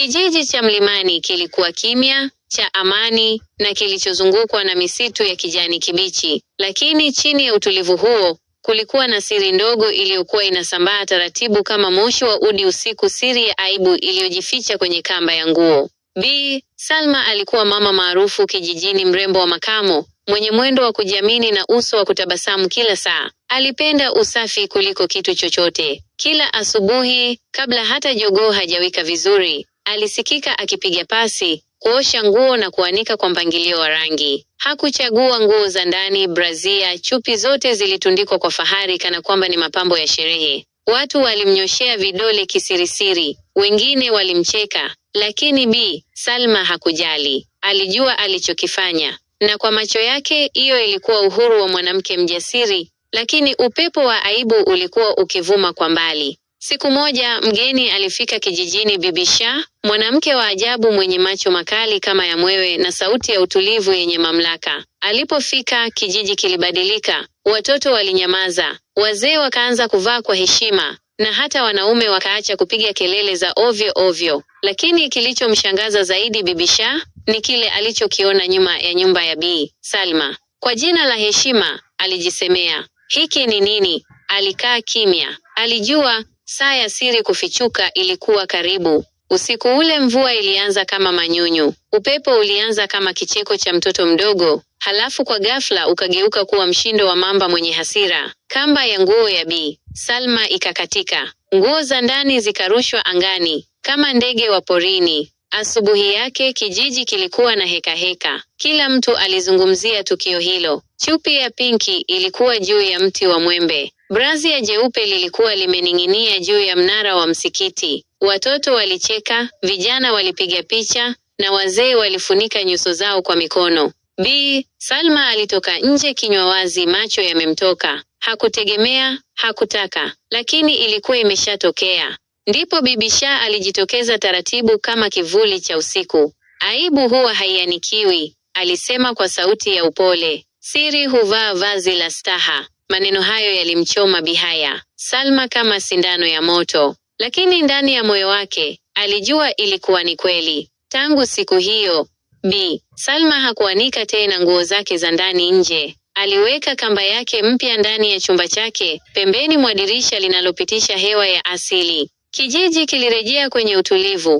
Kijiji cha mlimani kilikuwa kimya, cha amani na kilichozungukwa na misitu ya kijani kibichi, lakini chini ya utulivu huo kulikuwa na siri ndogo iliyokuwa inasambaa taratibu kama moshi wa udi usiku, siri ya aibu iliyojificha kwenye kamba ya nguo. Bi Salma alikuwa mama maarufu kijijini, mrembo wa makamo, mwenye mwendo wa kujiamini na uso wa kutabasamu kila saa. Alipenda usafi kuliko kitu chochote. Kila asubuhi, kabla hata jogoo hajawika vizuri, Alisikika akipiga pasi, kuosha nguo na kuanika kwa mpangilio wa rangi. Hakuchagua nguo za ndani, brazia, chupi zote zilitundikwa kwa fahari kana kwamba ni mapambo ya sherehe. Watu walimnyoshea vidole kisirisiri, wengine walimcheka, lakini Bi Salma hakujali. Alijua alichokifanya, na kwa macho yake hiyo ilikuwa uhuru wa mwanamke mjasiri, lakini upepo wa aibu ulikuwa ukivuma kwa mbali. Siku moja mgeni alifika kijijini bibisha mwanamke wa ajabu mwenye macho makali kama ya mwewe na sauti ya utulivu yenye mamlaka. Alipofika, kijiji kilibadilika. Watoto walinyamaza, wazee wakaanza kuvaa kwa heshima na hata wanaume wakaacha kupiga kelele za ovyo ovyo. Lakini kilichomshangaza zaidi bibisha ni kile alichokiona nyuma ya nyumba ya Bi Salma. Kwa jina la heshima, alijisemea, hiki ni nini? Alikaa kimya, alijua Saa ya siri kufichuka ilikuwa karibu. Usiku ule mvua ilianza kama manyunyu, upepo ulianza kama kicheko cha mtoto mdogo, halafu kwa ghafla ukageuka kuwa mshindo wa mamba mwenye hasira. Kamba ya nguo ya Bi Salma ikakatika, nguo za ndani zikarushwa angani kama ndege wa porini. Asubuhi yake kijiji kilikuwa na hekaheka heka. Kila mtu alizungumzia tukio hilo. Chupi ya pinki ilikuwa juu ya mti wa mwembe, Brazia jeupe lilikuwa limening'inia juu ya mnara wa msikiti. Watoto walicheka, vijana walipiga picha na wazee walifunika nyuso zao kwa mikono. Bi Salma alitoka nje kinywa wazi, macho yamemtoka. Hakutegemea, hakutaka, lakini ilikuwa imeshatokea. Ndipo Bibi Sha alijitokeza taratibu kama kivuli cha usiku. Aibu huwa haianikiwi, alisema kwa sauti ya upole. Siri huvaa vazi la staha. Maneno hayo yalimchoma Bihaya Salma kama sindano ya moto, lakini ndani ya moyo wake alijua ilikuwa ni kweli. Tangu siku hiyo Bi Salma hakuanika tena nguo zake za ndani nje. Aliweka kamba yake mpya ndani ya chumba chake, pembeni mwa dirisha linalopitisha hewa ya asili. Kijiji kilirejea kwenye utulivu.